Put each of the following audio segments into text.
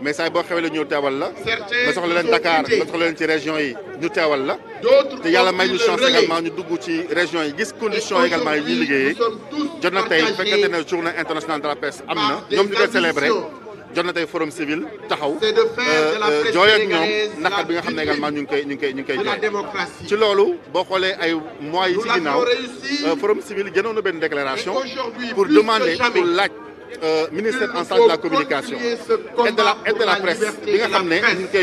mais saay boo xewee la ñu tawal la nga soxla leen Dakar nga soxla leen ci région yi ñu teewal la te yàlla may ñu chance également ñu dugg ci région yi gis condition également yi ñuy liggéeyee jot na tey fekkante ne journée internationale de la presse amna na ñoom ñu koy célébré jot na tey forum civil taxaw euh, euh, jooy ak ñom nakal bi nga xamné ne également ñu ngi ñu ngi ñu ngi koy jooy ci lolu bo xolé ay mois ci ginnaaw euh, forum civil jënoon na ben déclaration pour demander pour laaj euh, ministère en charge de la communication et de la de la presse bi nga xam ñu euh,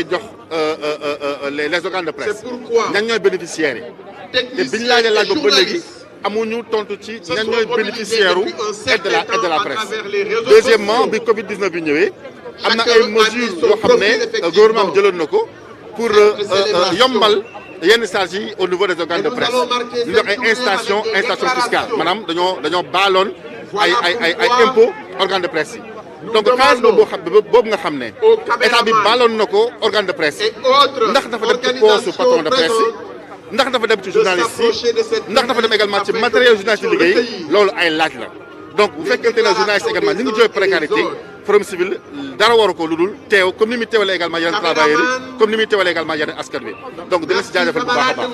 euh, les organes de presse ñan ñooy bénéficiaires yi bénéficiaires bi ñu laajee laaj boobu ba léegi amuñu tontu de la de la presse deuxièmement le Covid 19 nous avons am na ay mesures yoo xam gouvernement de pour yombal yenn charges yi au niveau des organes de presse il y ay station station fiscale Madame, dañoo dañoo ballon ay ay impôts organe de presse yi. donc xaalis boobu nga xam ne. état bi baloon na ko organe de presse yi. ndax dafa dem ci poosu patron de presse yi. ndax dafa dem ci journaliste yi ndax dafa dem également ci matériel journaliste liggéey laaj la donc bu fekkente ne journaliste également ñu ngi jooy précarité. forum civil dara waru ko lu dul teew comme ni muy teewalee également yeneen travailleurs yi comme ni muy teewalee également yeneen askan wi donc dina si jaajëfal bu baax a baax.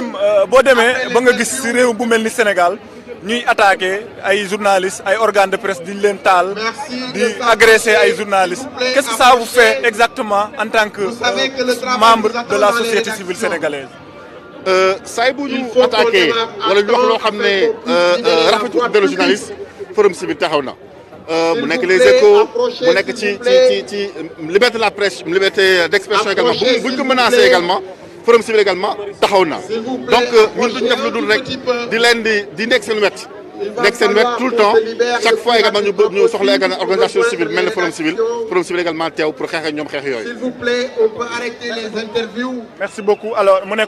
Euh, boo demee ba nga gis réew bu mel ni Sénégal. Nous attaqué ay journalistes ay organes de presse diñ leen taal di agressé ay journalistes qu'est-ce que ça vous fait exactement en tant que euh, membre de la société civile sénégalaise euh, saay bu ñu attaqué wala ñu wax loo xam ne euh, rafetu journaliste forum civil taxaw na mu nekk les échos mu nekk ci ci ci liberté la presse liberté d'expression également bu ñu ko menacé également forum civil également taxaw donc euh, ñun duñ def lu dul rek di leen di tout le temps chaque fois également nous sommes ñu l'organisation organisation civile même le forum civil forum civil également teew pour xeex ak s'il vous plaît on peut arrêter les interviews. merci beaucoup alors